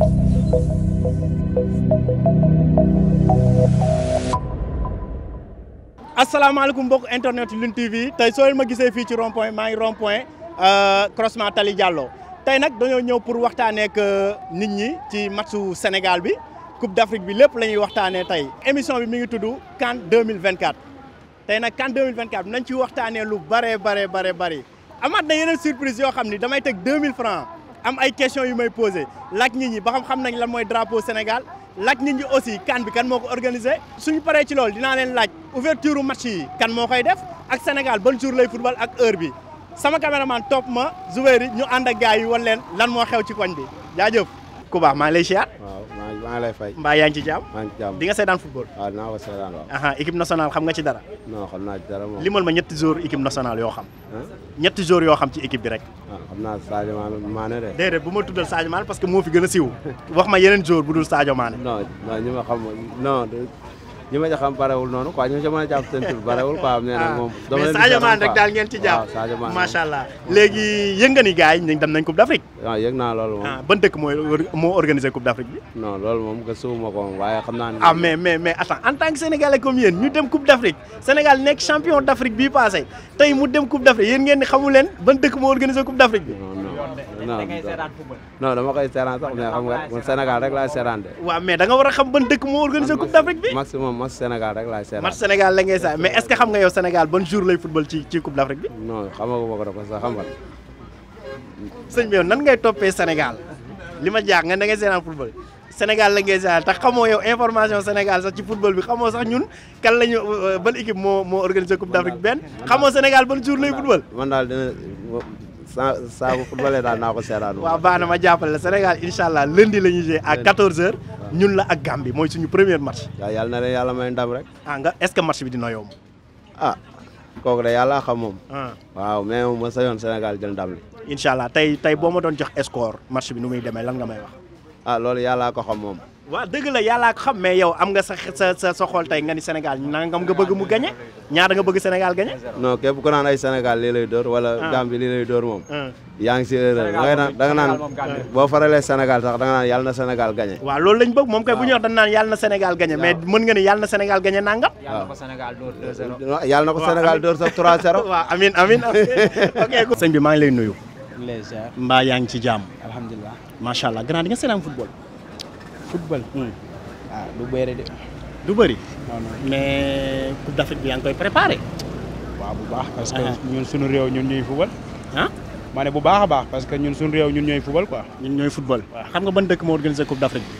asalaamaaleykum mbokk internet Lune TV tey soo leen ma gisee fii ci rond point maa ngi rond point euh, Tali Diallo tey nag dañoo ñëw pour waxtaaneek ak euh, nit ñi ci matsu Sénégal bi Coupe d'Afrique bi lépp la ñuy waxtaanee tey émission bi mi ngi tudd CAN 2024. tey nag CAN 2024 nañ ci waxtaanee lu bare bare bare bari amaat na yeneen surprise yoo xam ni damay teg 2000 francs am ay question yu may poser laaj nit ñi ba xam xam nañ lan moy drapeau Sénégal laaj nit ñi aussi kan bi kan moko organiser suñu paré ci lool dina len laaj ouverture match yi kan moo koy def ak Sénégal ban jour lay football ak heure bi sama cameraman top ma joueur yi ñu and ak gaay yi wan leen lan mo xew ci koñ bi jaajëf. ku baax ma lay siyaar. maa ngi lay fay. mbaa yaa ngi ci jàmm. maa ngi ci ah, naa ko seetaan waaw. équipe nationale xam nga ci dara. naa ci dara moom. ma ñetti joueurs équipe national yoo xam. ñetti joueurs yoo xam ci équipe bi rek. waaw ah, xam naa Sadio Mané de. déedéet bu ma tuddal Sadio Mané parce que moo fi gën a siiw. wax ma yeneen joueur bu dul Sadio Mané. non ñi ma ca barewul noonu quoi ñoo ca mën a barewul quoi am nee na ah. moom mais Sadio Mané rek daal ngeen ci jàpp Sadio Mané macha allah léegi yëg nga ni gars yi dem nañ Coupe ah, moom ah, ban dëkk moo organisé Coupe d'Afrique waaye xam naa ne ah mais mais mais attends en tant que sénégalais comme yéen ñu dem Coupe d'Afrique Sénégal nekk champion d'Afrique bii passé tey mu dem Coupe d'Afrique yéen ngeen ni xamu leen ban dëkk moo organisé Coupe d'Afrique bi non non dama koy seeraan sax rek la seeraan waa waaw mais da nga war a xam ban dëkk moo organisé Coupe d'Afrique bi. maximum match Sénégal rek laay seeraan. match Sénégal la ngay saa mais est-ce nga yow Sénégal ban jour lay football ci ci Coupe bi. non xamaguma ko dafa sax xam nga. sëñ bi yow ngay toppee Sénégal li ma jaax nga da ngay seeraan football. Sénégal la ngay seeraan tax information Sénégal sax ci football bi xamoo sax ñun kan la ñu euh, ban équipe moo moo organisé Coupe d'Afrique benn xamoo Sénégal ban jour lay football. saa saabu football daal naa ko seeraan. waaw baax ma jàppale la Sénégal incha allah lundi la ñuy jouer à 14h. ñun la ak Gambie mooy ñu premier match. waaw yàlla na leen yàlla may ndam rek. ah nga est-ce que match bi dina yomb. ah kooku de yàlla xam moom. Ah. waaw mais moom ma sañoon Sénégal jël ndam li. incha allah tey tey boo ma doon jox score match bi nu muy demee lan nga may wax. ah loolu yàlla ko xam moom. waaw dëgg la yàllaa ko xam mais yow am nga sa sa sa xool tey nga ni senegal na nga bëgg mu gagné ñaata nga bëgg Sénégal gagné. non képp ku naan ay Sénégal lii lay door wala ah. Gambie lii door moom. Ah. yaa ngi si erreur da nga naan da boo faralee Sénégal sax da nga naan yàlla na Sénégal gagné. loolu lañ bëgg moom kay bu ah. naan yàlla na Sénégal gagné mais nga ni yàlla na Sénégal gagné nangam. waaw yàlla na ko Sénégal door 2-0. yàlla na ko Sénégal sax 3-0. waaw amiin amiin ok. sëñ bi maa ngi lay nuyu. mbaa yaa ngi ci jàmm. alhamdulilah macha allah grand di nga seetaan football football. waaw ah, du bëri de. du bëri. non non mais Coupe d'Afrique bi yaa koy préparé. waaw bu baax parce que ah, ah. ñun suñu réew ñun ñuy football. ah bu baax a baax parce que ñun suñu réew ñun ñoy football quoi. ñun ñooy football. waaw xam nga ban dëkk moo organisé Coupe d'Afrique bi.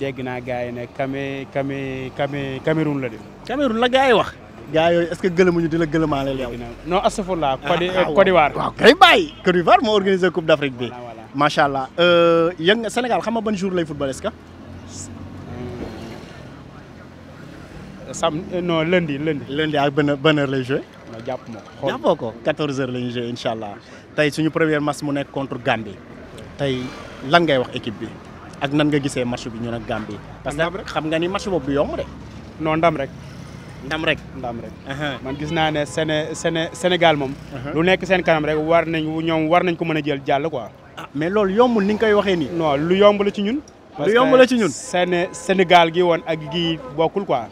dégg naa gars yi ne Camé Camé Camé Cameroun la de. Cameroun la gars wax. gars yooyu est ce que ñu di la gëlëmaaleel yow. non astafurlaa. Côte d'Ivoire waaw kay bàyyi. Côte moo organisé Coupe d'Afrique bi. macha allah eh, Yang Sénégal xam nga ban jour lay football est-ce que. Euh, sam euh, non lundi lundi. lundi ak ben ben heure lay jouer. non japp ma Japp ko 14h lay jouer inshallah. Tay suñu premier match mu nek contre Gambie Tay lan ngay wax équipe bi ak nan nga gissé match bi ñun ak Gambie. parce que xam nga ni match bob du yomb de. non ndam rek. ndam rek ndam rek. man gis na né Sénégal mom lu nek sen kanam rek war nañ ñom war nañ ko mëna jël jall quoi. ah mais loolu yombul ni nga koy waxee nii. non lu yomb la ci ñun. lu yomb la ci ñun parce gi woon ak gii bokkul quoi.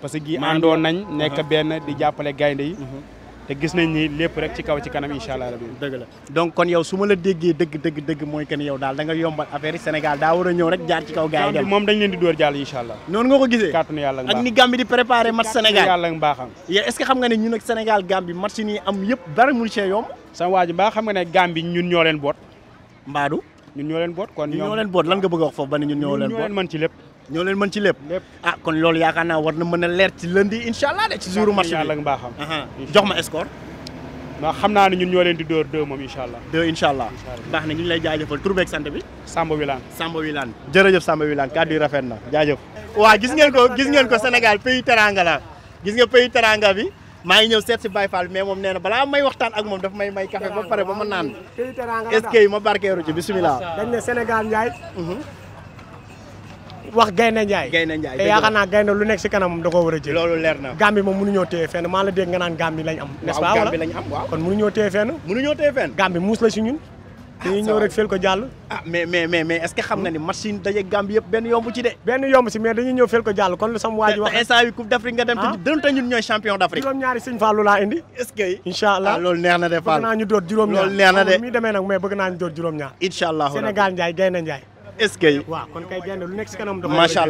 parce que gii àndoon nañ nekk benn di jàppale gaynde yi. Mhm. te gis nañ ni lépp rek ci kaw ci kanam incha allah rabbi dëgg donc kon yow su a la déggee dëgg dëgg dëgg mooy que ni daal da nga yombal affaire yi Sénégal daa war a ñëw rek jaar ci kaw. gars yi dem moom dañ leen di dóor jàll incha allah. noonu nga ko gisee kàttanu ni Gambie di préparé match Sénégal ne ñun ak Sénégal Gambie match yi nii am yëpp dara mu cee yomb sama waa ji mbaa xam nga ne Gambie ñun ñoo boot mbaadu ñun ñoo leen boot kon ñoo leen boot lan nga bëgg a wax foofu ba ne ñun ñoo leen boot ñoo leen mën ci lépp ñoo leen mën ci lépp ah kon loolu yaakaar naa war na mën a leer ci lundi incha allah de ci jouru match jox ma score waaw xam naa ne ñun ñoo leen di dóor deux moom incha allah deux incha allah baax na ñu ngi lay jaajëfal tur beeg sant bi Samba Wilane Samba Wilane jërëjëf Samba Wilane kàddu yi rafet na jaajëf waaw gis ngeen ko gis ngeen ko Sénégal pays teranga la gis nga pays teranga bi maa ngi ñëw seet si Baye Fall mais moom nee na balaa may waxtaan ak moom daf may may ba pare ba ma naan est-ce que yi ma barkeeru ci bisimilah. dañ ne Sénégal Ndiaye. Mhm. wax Gaynde Ndiaye. Gaynde Ndiaye te lu nekk si kanam da koo war a jël. loolu leer na Gambie moom maa la dégg nga naan Gambie lañ am. n'est-ce pas wala kon mënuñoo téye fenn. mënuñoo téye fenn Gambie muus la si ñun. dañuy ah, ñëw rek fel ko jàll ah mais mais mais mais est-ce que xam nga ni machine daje Gambie yëpp benn yomb ci de benn yomb si mais dañuy ñëw fel ko jàll kon lu sam waa wax nga dem ah. ah, mi demee nag mais bëgg naa ñu door juróom-ñaar incha allah Sénégal Ndiaye Gaynde Ndiaye est-ce que waaw kon kay Gaynde lu nekk si kanam dafa macha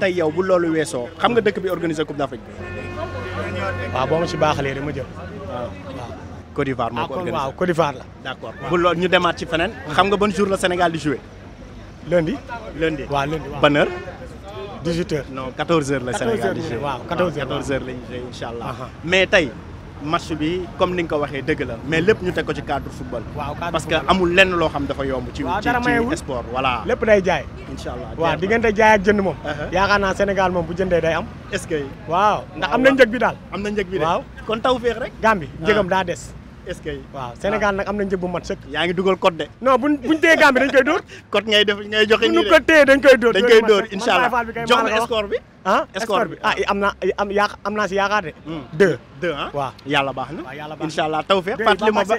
tey yow bu loolu weesoo xam nga dëkk bi organiser coupe d'Afrique bi waaw boo ma si baaxalee rek ma jël Côte d'Ivoire moo ko ah, organisé waaw d'Ivoire la. bu loolu ñu demaat ci feneen. xam nga ban jour la Sénégal di joué. lundi. lundi waaw lundi heure. la Sénégal di joué waaw 14h ah, 14h la ñu joué incha allah. mais tey match bi comme ni nga ko waxee dëgg la mais lépp ñu teg ko ci cadre football. waaw cadre parce que amul lenn loo xam dafa yomb. ci ci sport voilà. lépp day jaay. incha allah waaw diggante jaay ak jënd moom. yaakaar naa Sénégal moom bu jëndee day am. est ce que. waaw ndax am na njëg bi daal. am na njëg bi de kon taw féex rek. Gambie njëgam ah. daa des. est-ce que waaw Sénégal am na njëg bu mat sëkk yaa ngi dugal code de non buñ buñ téye Gambie dañ koy dóor code ngay def ngay joxe nii ko téye dañ ma score bi ah score bi ah am am naa si yaakaar hmm. ah? waaw yàlla baax na inshallah tawfeex fàttali ma ba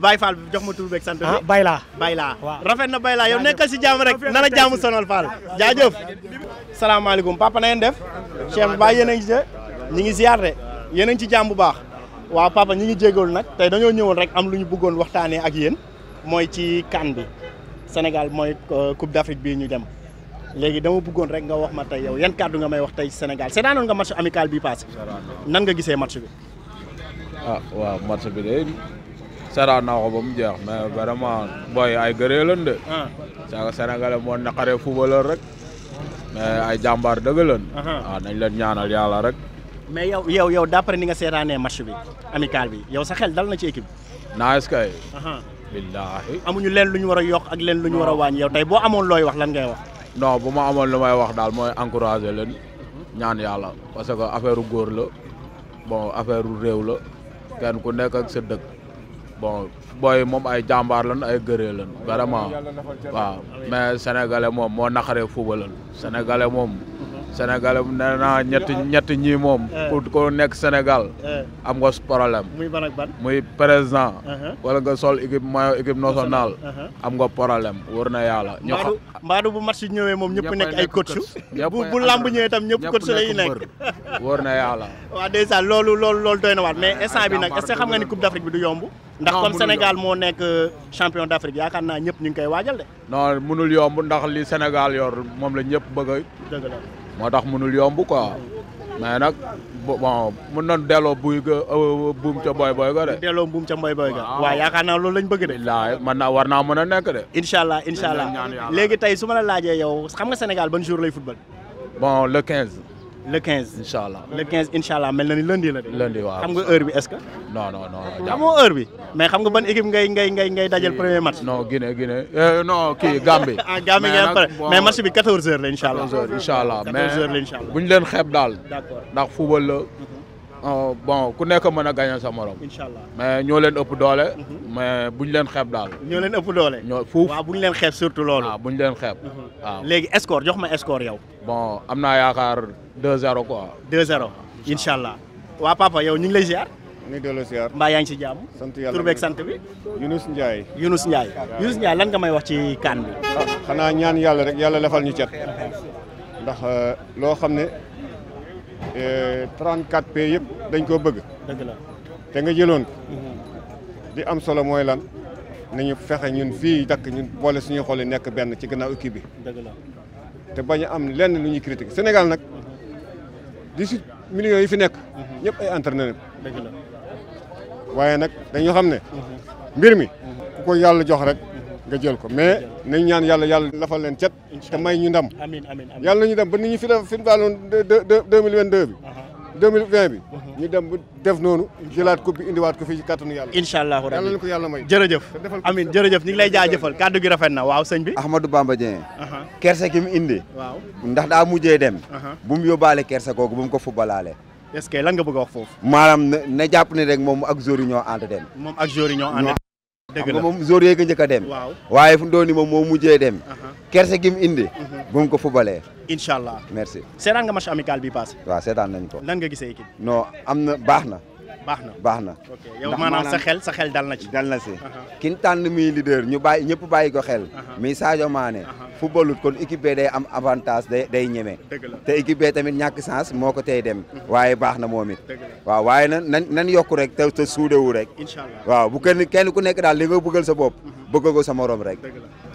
Baye Fall bi jox ma tur beeg sant bi ah, Baye laa Baye laa rafet na Baye laa yow nekkal si jàmm rek na la jàmm sonal Fall jaajëf salaamaaleykum papa na ngeen def chef ba yéen a ngi ci ñu ngi ziar de yéen a ngi ci jàmm bu baax wa papa ñi ngi jéggol nak tay dañu ñëwul rek am luñu bëggoon waxtané ak yeen moy ci kan bi Sénégal moy euh, Coupe d'Afrique bi ñu dem légui dama bëggoon rek nga wax ma tay yow yeen kàddu nga may wax tay Sénégal seetaanoon nga match amical bi passé nan nga gisé match bi ah wa match bi dé sara na ko bam jeex mais vraiment boy ay gëree lan de saaga ah. Sénégal mo naqaree footballeur rek mais ay jambar dëgg lan waaw ah. ah, nañ leen ñaanal yalla rek mais yow yow yow d'après ni nga seetaanee match bi amical bi yow sa xel dal na ci équipe bi. nice kay. billaahi. amuñu leen lu ñu war a yokk ak leen lu ñu war a wàññi yow tey boo amoon looy wax lan ngay wax. non bu ma amoon lu may wax daal mooy encourager leen ñaan yàlla parce que affaire góor la bon affaire réew la kenn ku nekk ak sa dëkk bon booy moom ay jàmbaar lan ay gëree lan vraiment waaw mais sénégalais moom moo naqaree fuuba lan sénégalais moom. Sénégal nee naa ñetti ah. ñetti ñii moom. Eh. pour ko nekk Sénégal. Eh. am nga problème. muy ban ak ban muy président. Uh-huh. wala nga sol équipe maillot équipe nationale. Uh-huh. am nga problème wër na yàlla. ñu xam mbaadu bu match ñëwee moom ñëpp nekk ay coach. bu bu làmb ñëwee tam ñëpp coach lay nekk. wër na yàlla. waa dèjà loolu loolu loolu doy na waat mais ah, instant bi nag est xam nga ni Coupe d' Afrique bi du yomb. ndax comme Sénégal moo nekk euh, champion d' Afrique yaakaar naa ñëpp ñu ngi koy waajal de. non mënul yomb ndax li Sénégal yor moom la ñëpp a. moo tax mënul yomb quoi mais nag bon mën nañ delloo buy ga euh, buum ca boy boy ga de. delloo buum ca boy boy ga. waaw yaakaar naa loolu lañ bëgg de. laay man naa war naa mën a nekk de. incha allah incha allah léegi tey su ma la laajee yow xam nga Sénégal ban jour lay football. bon le 15. le 15 incha le 15 incha mel na lundi la de. lundi waaw xam nga heure bi est ce que. non non non xamoo heure bi. mais xam nga ban équipe ngay ngay ngay ngay premier match. non Guinée Guinée eh, non kii Gambie. ah Gambie ngay pare mais match bi 14h la incha allah. 14h daal. d' accord Euh, bon ku nekk mën a gagné sa morom. incha allah mais ñoo leen ëpp doole. Mhm. mais buñ leen xeeb daal. ñoo leen ëpp doole. ñoo fuuf waaw buñ leen xeeb surtout loolu. waaw ah, buñ leen xeeb. waaw mhm. ah. léegi jox ma score yow. bon am naa yaakaar 2-0 ko 2-0 incha allah. waa papa yow ñu ngi lay ziar. ñu ngi delloo ziar. mbaa yaa ngi ci jàmm. sant yàlla tur beeg sant bi. Younouss Ndiaye. Younouss Ndiaye. Younouss Ndiaye lan nga may wax ci kaan bi. Ah, xanaa ñaan yàlla rek yàlla lefal ñu cet ndax euh, loo xam ne 34 eh, pays yëpp dañ koo bëgg. dëgg la te nga jëloon ko. di mhm. am solo mooy lan nañu fexe ñun fii dakk ñun boole suñuy xol yi nekk benn ci gannaaw équipe bi. dëgg te bañ am lenn lu ñuy critiquer Sénégal nag 18 mhm. millions yi fi nekk. Mhm. ñëpp ay entraîneur. dëgg la waaye nag dañoo xam ne. mbir mi ku ko yàlla jox rek. nga jël ko mais nañ ñaan yàlla yàlla lafal leen cet te may ñu ndam amiin amiin yàlla nañu dem ba nit ñi fi def fi mu daaloon deux mille vingt bi deux mille bu def noonu jëlaat coupe bi indiwaat ko fii ci kàttanu yàlla incha allahu rabbi yàlla ko yàlla may jërëjëf amiin jërëjëf ñu ngi lay gi rafet na waaw sëñ bi Ahmadou Bamba Dieng indi waaw ndax daa mujjee dem bu mu yóbbaale kersa googu bu mu ko fubbalaale est-ce que lan ga bëgg a wax foofu maanaam na jàpp ne rek moom ak Zori ñoo ànd dem dëgg la yee ko njëkk a dem. waaw waaye fu mu doon nii moom moo mujjee dem. kerse gi mu indi. Mhm. bu mu ko fubalee. incha allah merci. seetaan nga match amical bi passé. waa seetaan nañ ko. lan nga gisee équipe non am na baax na. baax na baax na. ok yow xel sa xel dal na ci. dal na si. kin tànn muy ñu bàyyi ñëpp bàyyi ko xel. mi Sadio Mané. footballut kon équipe bee day am avantage day day ñeme. te équipe bee tamit ñàkk chance moo ko tey dem. Mhm. waaye baax na moom it. waaw waaye nan nan nan yokku rek te suude wu rek. incha waaw bu kenn kenn ku nekk daal li nga bëggal sa bopp. Mhm. bëgg ko sa morom rek.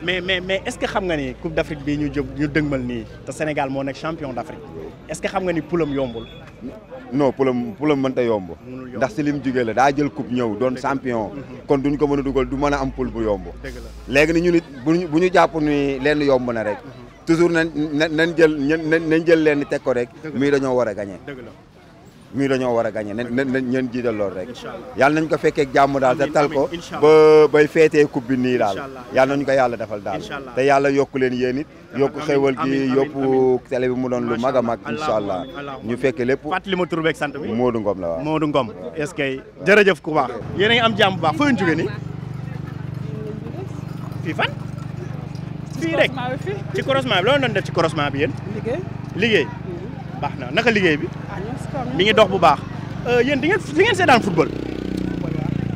mais mais mais est-ce que xam nga ni Coupe d'Afrique bi ñu jëm ñu dëgmal nii te Sénégal moo nekk champion d'Afrique est-ce que xam nga ni pulam yombul. non pulam pulam mënta yomb. ndax si lim jugee la daa jël coupe ñëw doon champion. Mhm. kon duñ ko mën a dugal du mën a am pul bu yomb. léegi ni ñu nit bu ñu bu ñu jàpp ni lenn yomb na rek. Mhm. toujours nañ nañ jël nañ jël lenn teg ko rek. muy dañoo war a gagner. ñuy dañoo war a gagné nañ nañ nañ jiital loolu rek. yàlla nañ ko fekkee jàmm daal te tal ko. ba bay feetee coupe bi nii nañ ko yàlla defal daal. te yàlla yokku leen yéen it. yokku xéwal gi yokku télé bi mu doon lu mag a mag. incha allah ñu fekke lépp. fàttali ma tur beeg sant bi Modou Ngom la waaw. Modou Ngom est-ce que jërëjëf ku baax. a ngi am jàmm bu baax foo leen jógee fan. fii rek ci croisement bi loolu doon def ci croisement bi yéen. liggéey. baax na naka liggéey bi ah, mi ngi dox bu baax euh, yéen di ngeen di ngeen seetaan football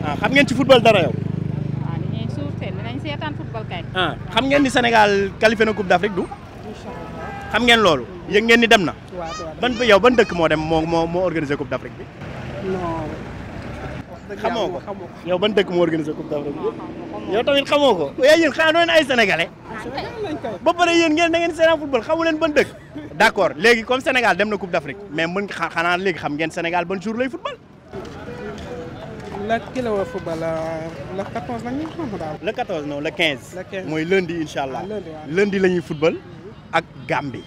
ah xam ngeen ci football dara yow ah, seetaan football kay ah xam ngeen ni Sénégal qualifié na Coupe d'Afrique du xam ngeen loolu yëg ngeen ni dem na ban yow ban dëkk moo dem moo moo moo organisé Coupe d'Afrique bi non ko yow ban dëkk moo organisé Coupe d'Afrique bi yow tamit xamoo ko yéen xanaa doon ay sénégalais ah, ba pare yéen ngeen da ngeen seetaan football xamu leen ban dëkk D'accord. Légui comme Sénégal dem na Coupe d'Afrique, mais mën xanaa léegi xam ngeen Sénégal ban jour lay football. Le ki la football euh, le 14 la ñuy xam daal. le 14 non le 15. le 15 mooy lundi incha ah, lundi lañuy football ak Gambie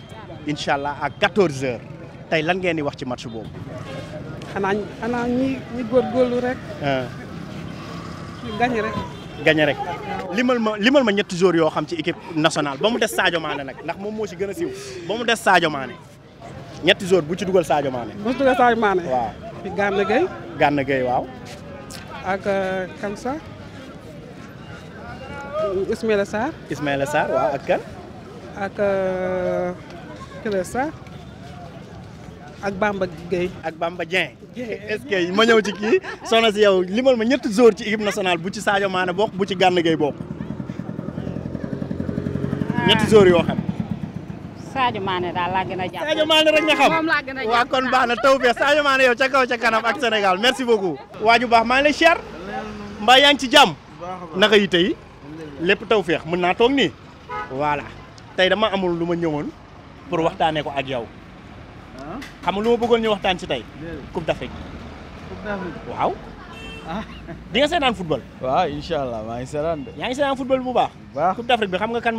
incha à 14h Tay lan ngeen di wax ci match boobu. Xana xanaa ñi ñi góorgóorlu rek. Ah. ñu gañ rek. gañe rek limal ma ma ñetti joueurs yoo xam ci équipe nationale ba mu des Sadio Mané nag ndax moom moo ci gën a siiw ba mu des Sadio Mané ñetti joueurs bu ci dugal Sadio Mané. bu ci dugal Sadio Mané. waaw fi Gana Gueye. Gana Gueye waaw. ak euh, kan sax Ismaïla Sarr. Ismaïla Sarr waaw ak kan. ak euh, Kelle Sarr. ak Bamba gey ak Bamba Dieng est-ce que ma ñew ci ki soxna ci yow limal ma ñett jour ci équipe nationale bu ci Sadio Mané bok bu ci Gana gey bok ah. ñett jour yo xam Sadio Mané da la gëna japp Sadio Mané rek nga xam wa kon baax tawbe Sadio Mané yow ci kaw ci kanam ak Sénégal merci beaucoup waju bax ma lay cher mba yaa ci jam naka yi tay lepp taw mën na tok ni voilà tay dama amul luma ñëwoon pour waxtaanee ko ak yow kamu lupa lu ma bëggoon ñu waxtaan ci tey coupe d'afrique coupe d'afrique waaw ah. di nga football waaw inshallah Allah, ngi seetaan de yaa ngi seetaan football bu baax baax coupe d'afrique bi xam nga kan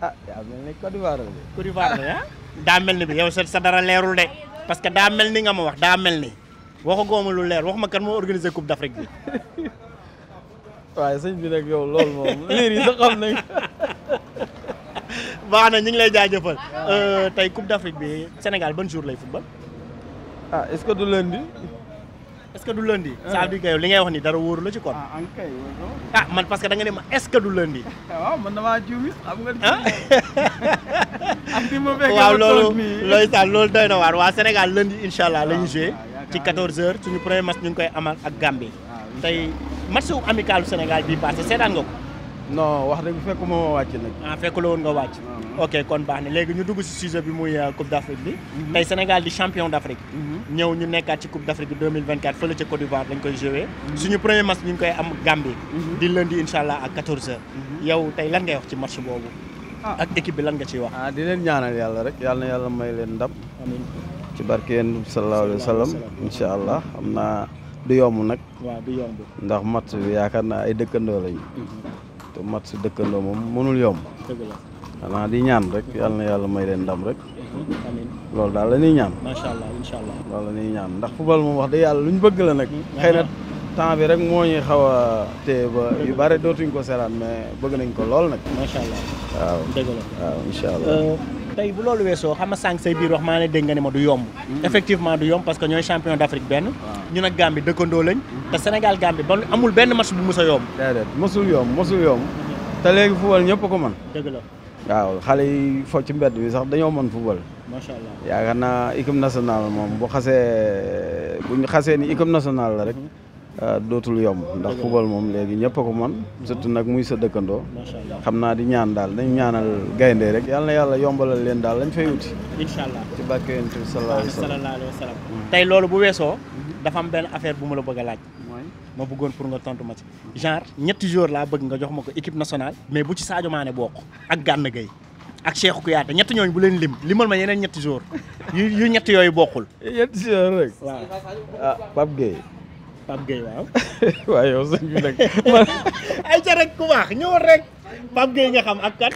ah ya mel kau Côte d'Ivoire la Côte d'Ivoire ya daa mel ni bi yow sa dara leerul de parce que daa mel ni nga ma wax daa mel ni waxagoo ma lu leer wax ma kan moo organisé coupe d'afrique bi baax na ñu ngi lay jaajëfal. Euh, tey Coupe d'Afrique bi Sénégal ban jour lay football. ah est du lundi. est du lundi. Euh. li ngay wax ni dara wóoru la ci kon. Ah, ah, man parce que da nga ne est-ce que du lundi. waaw ah, man damaa juum xam waaw loolu looy sax loolu doy na waa Sénégal lundi incha allah la ñu joué. ci 14h suñu premier match ñu ngi koy amal ak Gambie. tey match amicalu Sénégal bii passé seetaan nga ko. non wax dëgg fekk moo wàcc nag. Ah, fekk la woon nga wàcc. Ah. ok kon baax na léegi ñu dugg si sujet bi muy euh, Coupe d' Afrique bi. Mhm. tey Sénégal di champion d' mhm. ñëw ñu nekkaat ci Coupe d' bi 2024 fële ca Côte d'Ivoire dañ koy joué. Mhm. suñu premier match ñu ngi koy am Gambie. di lundi incha allah ak 14 yow tey lan ngay wax ci match boobu. Ah. ak équipe bi lan nga ciy wax. ah di leen ñaanal yàlla rek yàlla yàlla may leen ndam. amiin ci barke yéen sallallahu alayhi wa sallam incha allah xam naa du yomb nag. waaw du yomb. ndax match bi yaakaar naa ay dëkkandoo lañu. te mat si dëkkandoo moom mënul yomb xanaa di ñaan rek yàlla na yàlla may leen ndam rek loolu daal la ñuy ñaan macha allah incha allah loolu la ñuy ñaan ndax football moom wax dëgg yàlla luñ bëgg la nag xëy na temps bi rek moo ñuy xaw a ba yu bare dootuñ ko seetaan mais bëgg nañ ko lool nag macha allah waaw tay bu lolou wesso xam nga sànq say bir wax maa ne dégg nga ne ma du yomb mm-hmm. effectivement du yomb parce que ñoy champion d'Afrique ben ah. ñu nag Gambie dëkkandoo lañ te Sénégal Gambie ba amul benn match bu mës a yomb déedéet mosul yomb mosul yomb te légui football ñepp ko man deug la waaw xalé yi fo ci mbedd bi sax dañoo man football machallah allah yaakaar équipe nationale mom bu xasse bu ñu xasee ni équipe nationale la rek mm-hmm. Euh, dootul yomb ndax football moom léegi ñëpp ko man surtout nag muy sa dëkkandoo xam naa di ñaan daal dañ ñaanal gaynde rek yal na yàlla yombalal leen daal lañ fay wuti incha allah ci bàkke yonent bi mm. tey loolu bu weesoo dafa am benn affaire bu ma la bëgg a laaj ma bëggoon pour nga tontu ma ci genre ñetti joueurs laa bëgg nga jox ma ko équipe nationale mais bu ci Sadio Mané bokk ak Gana Gueye ak ku Kouyaté ñetti ñooñu bu leen lim limal ma yeneen ñetti joueurs yu ñetti yooyu bokkul ñetti Pape Gueye waaw. waaw yow sëñ bi nag. ay ca rek ku baax ñëwoon rek Pape Gueye nga xam ak kat.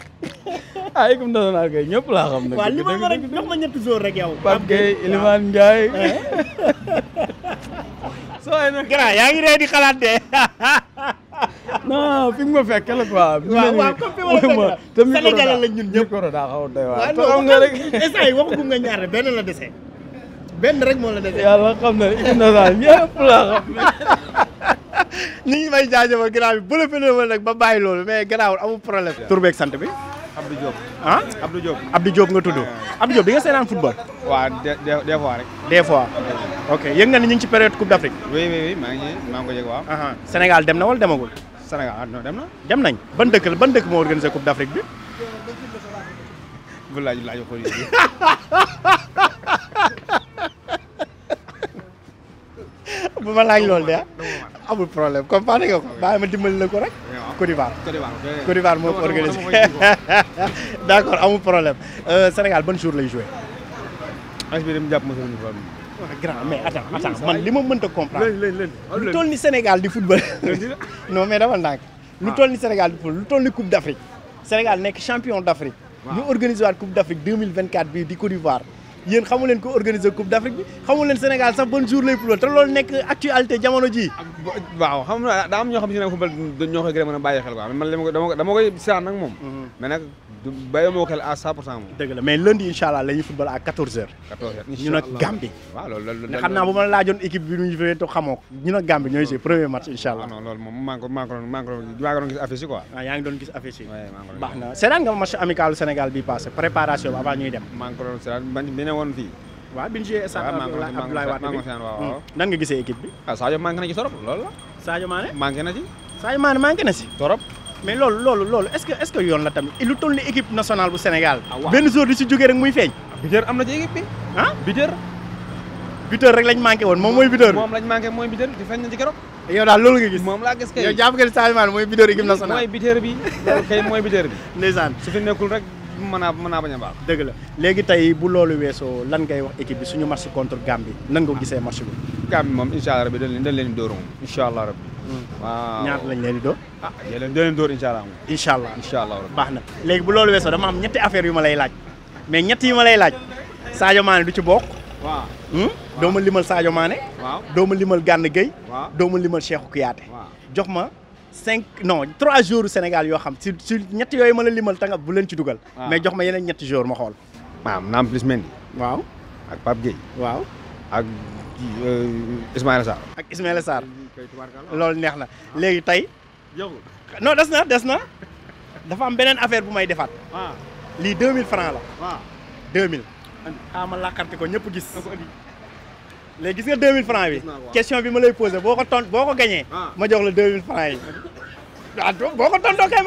ay comme da naa kay ñëpp laa xam. nag waaw li ma war a jox ma ñetti jour rek yow. Pape Gueye Elimane Ndiaye. Eh? soo ay nag grand yaa ngi ree di xalaat de. non fi nga ma fekk la quoi. waaw waaw comme fi ma la fekk la te micro daa xaw a doy waar. te xam nga rek. instant yii waxagum nga ñaar benn la dese. benn rek moo la dese. yàlla xam na innocent ñëpp laa xam. ñu ngi may jaajëfal gannaaw bi bu la feneen nag ba bàyyi loolu mais gannaawul amul problème. tur beeg sant bi. Abdou Diop ah Abdou Diop. Abdou Diop nga tudd. Abdou Diop di nga seetaan football. waaw des des fois rek. des fois ok yëg nga ni ñu ngi ci période Coupe d'Afrique. oui oui maa ngi maa ngi ko yëg waaw. dem na wala demagul. Sénégal ah non dem na. dem nañ ban dëkk la ban dëkk moo organisé Coupe d'Afrique bi. bu laaj laaj xool yi. bu ma laaj loolu de ah. amul problème comprendre nga ko bàyyi ma dimbali la ko rek. Côte d'Ivoire Côte d'Ivoire moo ko organisé d' accord amul problème euh, Sénégal ban jour lay joué. as man li ma mënta comprendre. Oh, lu toll ni Sénégal di football. non mais dama ndànk. lu ah. toll ni Sénégal di football lu toll ni Coupe d' Afrique. Sénégal nekk champion d' Afrique. ñu organiser waat Coupe d' Afrique deux bii di Côte yéen xamu leen ko organiser coupe d' bi xamu leen sénégal sax ban lay football te loolu nekk actualité jamono ji waaw xam na daa am ñoo xam si ne football ñoo koy gën a mën a bàyyi xel quoi xam naa bu ma équipe bi ñu fee to xamoo ñu nag Gambie ñooy si premier match incha allah ah non loolu moom maa ngi ko maa ngi ko maa ngi ko doon gis affiche quoi waaw ah, yaa ngi doon gis affiche baax woon fii. waaw bi ñu joué stade Abdoulaye Wade bi hmm. waaw nan nga gisee équipe bi. ah Sadio manqué na ci torop loolu la. Sadio Mané manqué na ci. Sadio Mané manqué na ci. torop mais loolu loolu loolu est-ce la tamit lu toll ni équipe nationale bu Sénégal. Ah, benn jour di ci jógee rek muy feeñ. Ah, buteur am na ci équipe bi. ah buteur. buteur rek lañ bi moom lañ manqué mooy buteur di feeñ na ci keroog. yow daal loolu nga gis moom laa gis kay yow jàpp nga ni bi mën a mën a bañ a baax. dëgg la léegi tey bu loolu weesoo lan ngay wax équipe bi suñu match contre Gambie nan nga gisee match bi. Gambie moom incha allah rabi dañ leen dañ leen dóor moom incha allah rabi. Hmm. waaw lañ leen di dóor. ah yéen a leen dóor incha incha allah incha allah baax na léegi bu loolu weesoo dama am ñetti affaire yu ma lay laaj mais ñetti yu ma lay laaj saajo maane du ci bokk. waaw. Hmm? doo ma limal Sadio maane waaw doo ma limal gànn Gueye. waaw doo ma limal Cheikhou Kouyaté. jox ma 5. non 3 jours au Sénégal yo xam si tu ñett ma la limal nga bu len ah. mais jox ma yeneen jours ma xol maam Mendy. waaw ak Pape Gueye. waaw ak euh, Ismaïla sar ak Ismaïla sar lool neex na ah. non suis na dafa am benen affaire bu may ah. li 2000 francs la. waaw 2000. ah ma ko 2000 francs question bi ma me le vous vous Vous gagner 2000 francs yi ah, waaw vous kay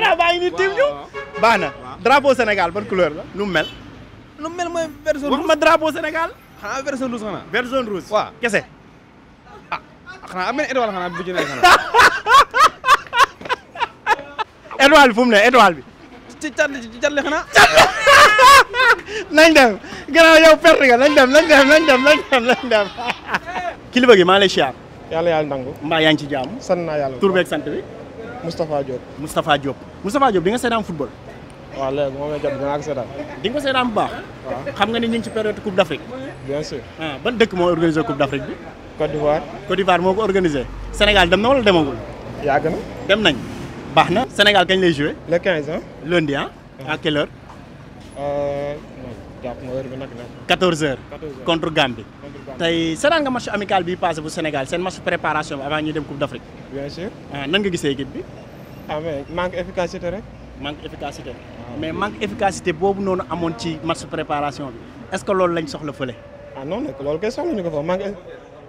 la caméra drapeau Sénégal couleur Nous nu mel mel drapeau Sénégal rouge Ah. vert Ah. rouge Ah. Ah. ah Ah. Ah. bu nañ dem gannaaw yow perte nga nañ dem nañ dem nañ dem nañ dem nañ dem. kilifa gi maa lay siyaar. yàlla yàlla nangu. mbaa yaa ngi ci jàmm. sant naa yàlla tur beeg sant bi. Moustapha Diop. Moustapha Diop Moustapha Diop nga seetaan football. waaw léegi moom la jot dinaa ko seetaan. di nga bu baax. xam nga ni ñu ngi ci période Coupe d'Afrique. Ah, ban dëkk moo organisé Coupe d'Afrique bi. Côte d'Ivoire. Côte d'Ivoire moo ko organisé. Sénégal dem na dem nañ. baax na Sénégal kañ lay joué. le 15 ah. lundi ah. à jàpp ma heure bi nag nag. 14h. 14 nga match amical bi passé bu Sénégal seen match préparation bi avant ñuy dem Coupe d' ah, nan nga gisee équipe bi. Ah, mais manque efficacité rek. manque efficacité. Ah, mais manque efficacité boobu noonu amoon ci match préparation bi est ce que loolu lañ soxla fële. ah non loolu kay soxla ñu ko fa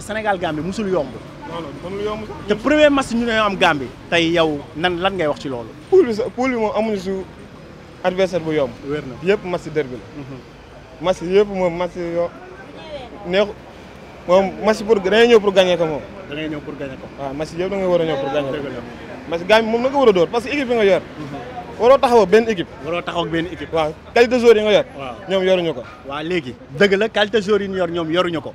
te senegal Gambie musul yomb. non non yomb te premier match ñu ñoy am Gambie tay yow nan lan ngay wax ci lolu poule bi sax poule bi moom amuñu su adversaire bu yomb. werna yépp yëpp match derby la. Mhm. match yépp mo match yo neex moom match pour da ngay ñëw pour gagner ko moom. da ngay ñëw pour gagner ko. wa match yépp da ngay wara a pour gagner ko. match Gambie moom nga wara a dóor parce que équipe bi nga yor. Mhm. waroo taxaw benn équipe. waroo taxaw benn équipe. wa qualité joueur yi nga yor. ñom yoruñu ko. wa légui deug la qualité joueur yi ñor ñom yoruñu ko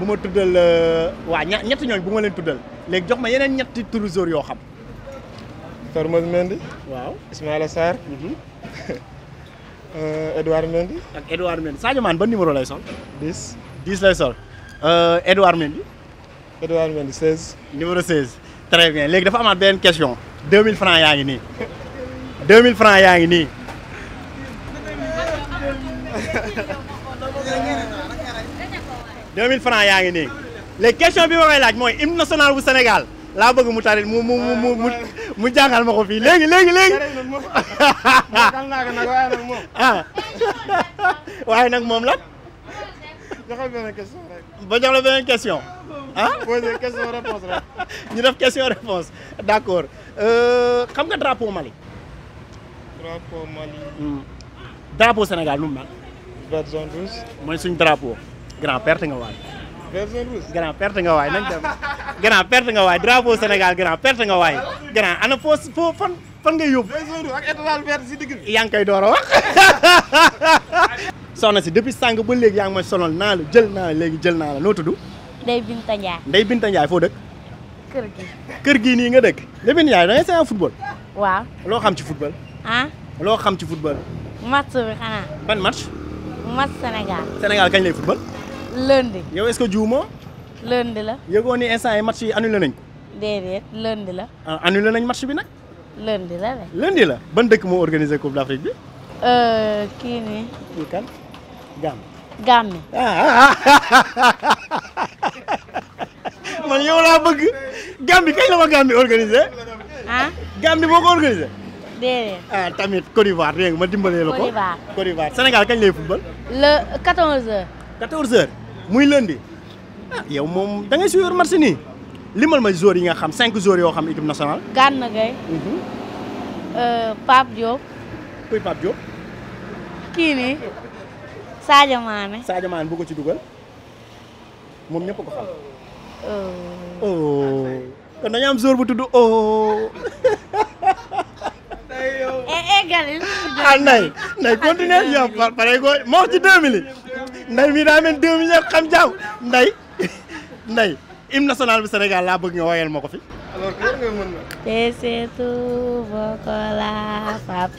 buma ma euh, wa ñet ña ñetti ñooñ bu leen tuddal légui jox ma yeneen ñetti trésor yo yoo xam. Formose Mendy. waaw Ismaïla Sarr. Mhm. Euh, Edouard Mendy. ak Edouard Mendy Sadio Mané ban numéro lay sol. 10. 10 lay sol euh Edouard Mendy. Edouard Mendy 16. numéro 16. très bien légui dafa amaat benn question 2000 francs yaangi ni 2000 francs yaangi ni 2000 francs Les ngi nii que je bi ma laaj moy hymne national du Sénégal la bëgg mu taril mu mu mu mu ah. la. question rek. ba une question. ah une question réponse rek. ñu def question réponse D'accord. euh xam nga drapeau Mali. drapeau Mali. Hmm. drapeau Sénégal nu mel. suñu drapeau. grand perte nga waay. grand perte nga waay nañ dem grand perte nga waay drapeau Sénégal grand perte nga waay grand ana foo foo fan nga ngay yóbbu. ak koy door a wax. si depuis sàng ba léegi yaa ngi may sonal naa la jël naa la léegi jël naa la noo tudd. Ndeye Binta Ndiaye. Ndeye Binta Ndiaye foo dëkk. kër gi. kër gii nii nga dëkk. Ndeye Binta Ndiaye da ngay seetaan football. waaw. loo xam ci football. ah. loo xam ci football. match bi xanaa. ban match. match Sénégal. Sénégal kañ lay football. lundi. yow est-ce que juuma. lundi la. yëgoon ni instant yi match yi annulé nañ ko. déedéet lundi la. ah annulé nañ match bi nag. lundi la la ban dëkk moo organisé coupe d'Afrique bi. Euh, kii nii. kii kan Gambie. Gambie. man yow laa bëgg Gambie kañ la ma Gambie organisé. ah ko organisé. déedéet. tamit Côte d'Ivoire dégg ma dimbalee la ko. Côte d'Ivoire Côte d'Ivoire Sénégal kañ lay football. le 14h. muy lundi yow mom da ngay suur marché ni limal ma joueurs yi nga xam 5 joueurs yo xam équipe nationale. gan Gana euh pap Diop. kuy pap Diop. ki ni Sadio Mané. Sadio Mané bu ko ci duggal mom ñëpp ko xam. euh oh. kon dañu am joueur bu tuddu oh. eh eh Galil. ah Nay Nay continuer yow pare ko moo ci 2 minutes. nday mi daa mel deux millions nday nday hymne national bi Sénégal laa bëgg nga woyal ma ko fi alors que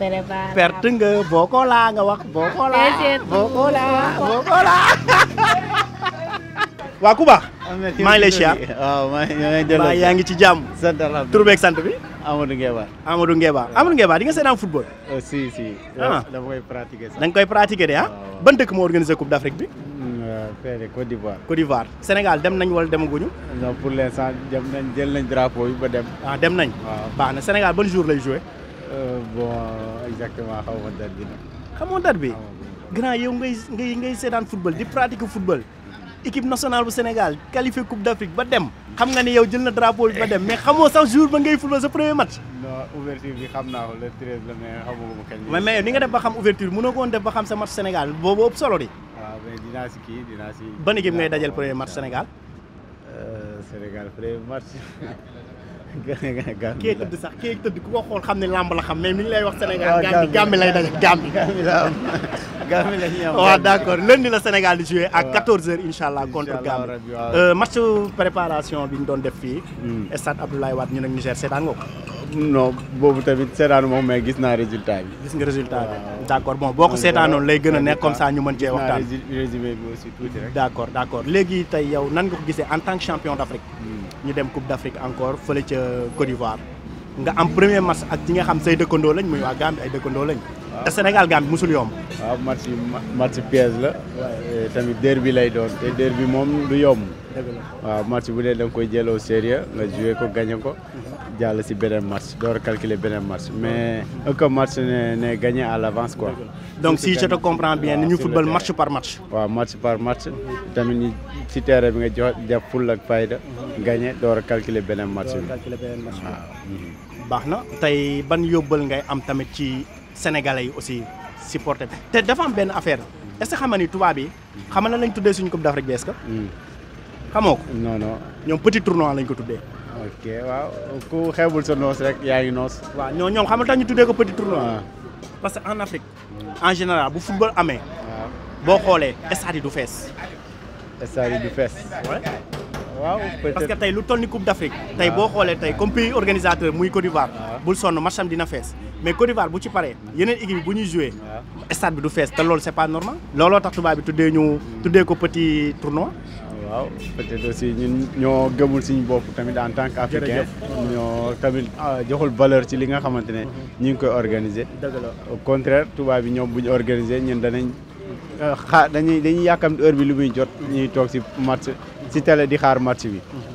na bokola nga bokola wax bokola waa ku baax maa ngi lay yaa ngi ci jàmm sant tur bi Amadou Ngeba. Amadou Ngeba Amadou Ngeba di nga seetaan football. Oh, si si. ah koy pratiquer sax. da nga koy pratiquer de ah. ah ban dëkk moo organisé coupe d' Afrique bi. Hmm, fële Côte d'Ivoire. Sénégal dem nañ wala demaguñu. non pour l' instant dem nañ jël nañ drapeau yi ba dem. ah dem nañ. waaw baax na Sénégal ban jour lay joué. Euh, bon exactement xaw ma date bi nag. xamoo date bi. grand yow ngay ngay ngay seetaan di pratiquer football. équipe nationale bu Sénégal qualifié coupe d'Afrique ba dem xam nga ni yow jël na drapeau bi ba dem mais xamoo sax jour ba ngay football sa premier match. ouverture bi xam naa ko le treize la mais xamuma ko kañ. mais ni nga def ba xam ouverture mu ko woon def ba xam sa match Sénégal boobu ëpp solo di. waaw ah, mais dinaa si kii dinaa si. ban équipe ngay dajal premier match Sénégal. Euh, Sénégal premier match. kee tëdd sax kee tëdd ku ko xool xam ne làmb la xam mais mi ngi lay wax Sénégal Gambie Gambie lay daje Gambie Gambie la ñuy am waaw d'accord la Sénégal di jouer à 14h incha allah contre Gambie euh, match préparation bi ñu doon def fii hmm. stade Abdoulaye Wade ñu nag Niger seetaan nga non boobu tamit seetaanu moom mais gis naa résultat bi. gis nga résultat bi d' accord bon boo ko seetaanoon lay gën a nekk comme ça ñu mën cee waxtaan. résumé bi aussi tuuti rek. d' léegi tey yow nan nga ko gisee en tant que champion d' Afrique. Hmm. ñu dem Coupe d' Afrique encore fële ca Côte d'Ivoire. nga am premier match ak ñi nga xam say dëkkandoo lañ muy waa Gambie ay dëkkandoo lañ. te Sénégal Gambie musul yomb. waaw match match piège la. tamit derby lay doon te derby moom du yomb. waaw match bu dee da koy jël au sérieux nga joué ko gagné ko jàll si benen match door calculer benen match mais aucun match ne gagné à l'avance quoi. donc si je te comprends bien ni ñu football match par match. waaw match par match tamit ñi si terrain bi nga jox def full ak fayda gagné door calculer benen match bi waaw. Mhm. baax na tey ban yóbbal ngay am tamit ci sénégalais aussi supporter té dafa am ben affaire est ce que xam nga ni tubaab lañ tuddé suñu coupe d'afrique afrique bi est ce que. Hmm non non un petit tournoi lañ ko ok waaw ku rek petit tournoi. Ah. parce en Afrique. en général le football amee. Ah. boo est stade du fees. stade du ouais waaw parce que tu lu une Coupe d'Afrique. tu boo ah. xoolee tey comme pays organisateur Côte d'Ivoire. C'est sonn match dina mais Côte d'Ivoire bu ci paree yeneen équipe bu ñuy jouer stade du c'est pas normal. tax bi hmm. petit tournoi. waaw peut-être aussi ñun ñoo gëmul suñu bopp tamit en tant qu'africain ñoo tamit ah, joxul valeur ci li nga xamante ne mhm. ñu ngi koy organiser au contraire tubaab bi ñoom bu ñu organiser ñun danañ ah, xaar dañuy dañuy yàkkamti heure bi lu muy jot ñuy toog si match si tele di xaar match bi mhm.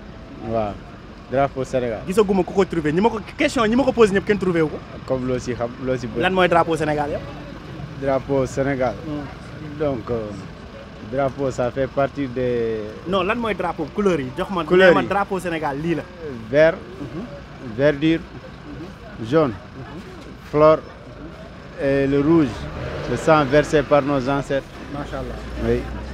waaw drapeau Sénégal. gisaguma ku ko trouvé Ñima ko question ñima ko poser ñep ken trouvé comme vous si xam lo si lan drapeau Sénégal drapeau Sénégal. Hmm. donc euh, drapeau ça fait partie des. non lan moy drapeau couleur yi jox ma. drapeau Sénégal li la. vert. Mhm. verdure. Mhm. jaune. Mhm. fleur. et le rouge. le sang versé par nos ancêtres. Machallah. oui.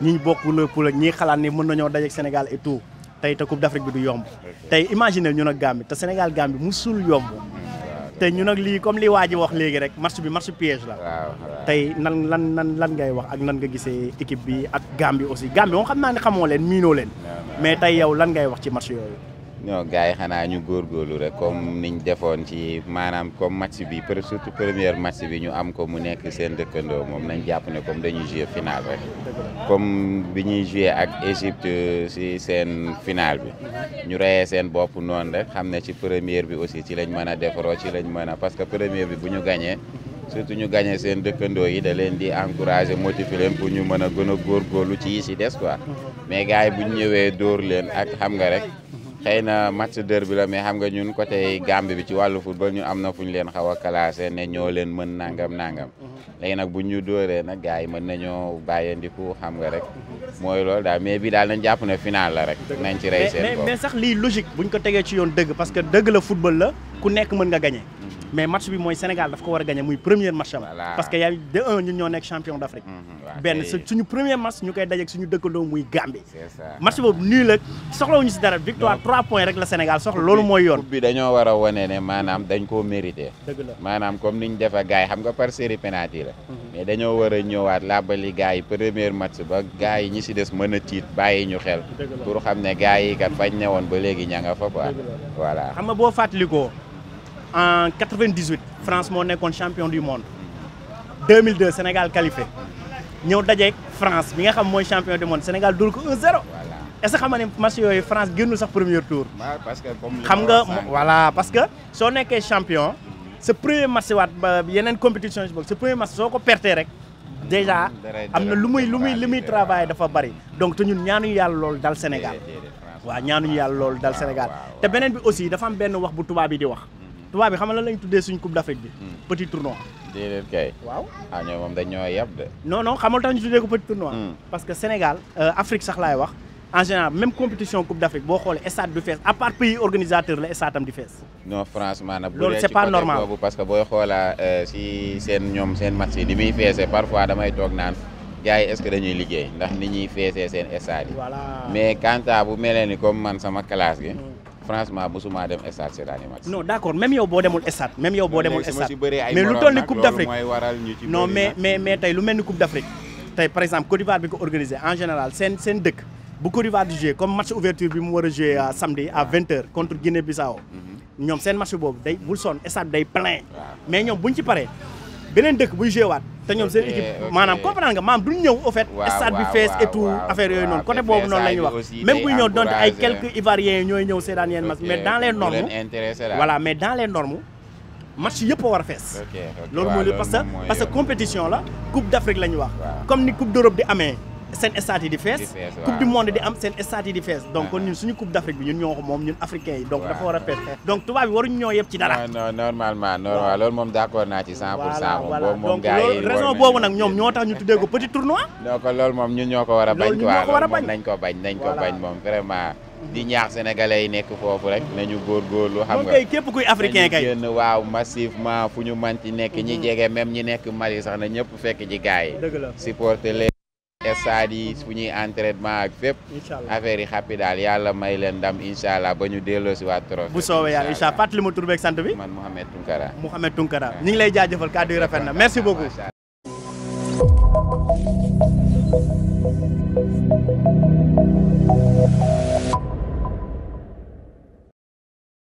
ñi bokk la pour ñi xalaat ni mën na nañoo dajeeg Sénégal et tout tey te Coupe d'Afrique bi du yomb tey imaginer ñu nag Gambie te Sénégal Gambie musul yomb tey ñu nag lii comme li waa ji wax léegi rek match bi marché piège la tey nan lan nan lan ngay wax ak nan nga gisee équipe bi ak Gambie aussi Gambie moom xam naa ne xamoo leen miinoo leen mais tey yow lan ngay wax ci match yooyu ñoo gars yi xanaa ñu góor góorgóorlu rek comme niñ defoon ci maanaam comme match bi surtout première match bi ñu am ko mu nekk seen dëkkandoo moom nañ jàpp ne comme dañuy joué final rek comme bi ñuy joué ak Égypte euh, si seen final bi ñu reyee seen bopp noon rek xam ne ci première bi aussi ci lañ mën a defaroo ci lañ mën a parce que première bi bu ñu gañee surtout ñu gagné seen dëkkandoo yi da leen di encouragé motivé leen pour ñu mën a gën a góorgóorlu ci yi si des quoi mais gars yi ñu ñëwee dóor leen ak xam nga rek xëy na match dër bi la mais xam nga ñun côté Gambie bi ci wàllu football ñun am na fu leen xaw a classé ne ñoo leen mën nangam nangam mhm. léegi nag bu ñu dóoree nag gars yi mën nañoo bàyyandiku xam nga rek mooy loolu daal mais bii daal nañ jàpp ne final la rek nañ ci rey seen bopp mais sax lii logique buñ ko tegee ci yoon dëgg parce que dëgg la football la ku nekk mën nga gagné mais match bi moy Sénégal daf ko wara gagner gagné muy premier match am. parce que yaa de un ñun ñoo nek champion d' ben mm-hmm. benn suñu premier match ñukay dajé dajeeg suñu dëkkandoo muy Gambie. c'est ça match boobu nii la soxlawuñu ci dara victoire 3 points rek la Sénégal soxla lolu moy yoon. coupe bi dañoo wara woné né manam dañ ko mérité. manam comme niñ défa gaay xam nga par série penalty la. Mm-hmm. mais dañoo wara ñëwaat làbbali gars yi premier match ba gaay ñi ci dess mëna a tiit bàyyi ñu xel. pour xamné gaay yi kat bañ ne woon ba légui ña nga fa quoi. voilà xam nga bo fàttalikoo en 98 France moo champion du monde 2002 Sénégal qualifié avons dit France bi nga xam moins champion du monde Sénégal est 1-0. est-ce que xam match France est sax premier tour. parce que comme champion. voilà parce que on est champion. ce premier match y a une compétition Ce premier match si ko rek. déjà il y a travail travail dafa bari. donc nous ñun ñaanuñu yàlla dans le Sénégal. Oui, ñaanuñu yàlla dans le ah, Sénégal te bi aussi dafa am benn wax bu tubaab bi xam nga lan lañ tuddee suñ coupe d'Afrique bi. Hmm. petit tournoi. déedéet kay. waaw ah ñoom moom dañ à yab de. non non xamal tax ñu tuddee ko petit tournoi. Hmm. parce que Sénégal euh, Afrique sax laay wax en général même compétition coupe d'Afrique boo les stade de fees à part pays organisateur la stade de di non franchement nag. loolu c'est pas normal parce que booy xoolaa euh, si seen ñoom seen match yi ni muy feesee parfois damay toog naan. gars est-ce que dañuy liggéey ndax ni ñuy feesee seen stade yi. voilà mais Kanta bu mel ni comme man sama classe gi. Hmm franchement mosuma dem stade seetaani match. non d'accord même yow bo demul stade même yow bo demul stade mais lu toll coupe d'Afrique non mais mais mais tay lu melni coupe d'Afrique tay par exemple Côte d'Ivoire bi ko organisé en général sen sen deuk bu Côte d'Ivoire jouer comme match ouverture bi mu wara jouer joué euh, samedi à 20h contre Guinée Bissau mhm. ñom sen match boobu day bul sonn stade day plein mais ñom buñ ci paré benen deuk buy joué waat te ñoom seen équipe manam comprendre nga maam duñ ñëw au fait stade bi fees et tout affaire yoy non côté bobu non la wax même buy ñëw donte ay quelques ivariens ñoy ñëw ces yenn matchs mais dans les normes voilà mais dans les normes match yépp a war a fees loolu parce que parce que compétition la coupe d'Afrique la wax comme ni coupe d'Europe di amé seen stade yi di fees coupe du monde di am seen stade yi di fees ah, donc kon ah. ñun suñu coupe d'Afrique bi ñun ñoo ko moom ñun africain yi donc war a fees ah. tubaab yi waruñu ñoo yëpp ci dara non normalement normal loolu moom d'accord naa ci cent pour cent moom boobu nag ñoom ñoo tax ñu tuddee ko petit tournoi donc loolu moom ñun ñoo ko war a bañ quoi nañ ko bañ nañ ko bañ moom vraiment di ñaax sénégalais yi nekk foofu rek nañu góorgóorlu xam nga képp kuy africain kay génn waaw massivement fu ñu manti nekk ñi mm-hmm. jege même ñi nekk Mali sax na ñëpp fekk ci gars stade yi fu ñuy entraînement ak fépp affaire yi xappi daal yàlla may leen dam incha allah ba ñu delloo si waat trop bu soobee yàlla incha allah fàttali ma tur beeg sant bi man Mouhamed Tounkara Mouhamed Tounkara ñu ngi lay jaajëfal kàddu yi rafet na merci beaucoup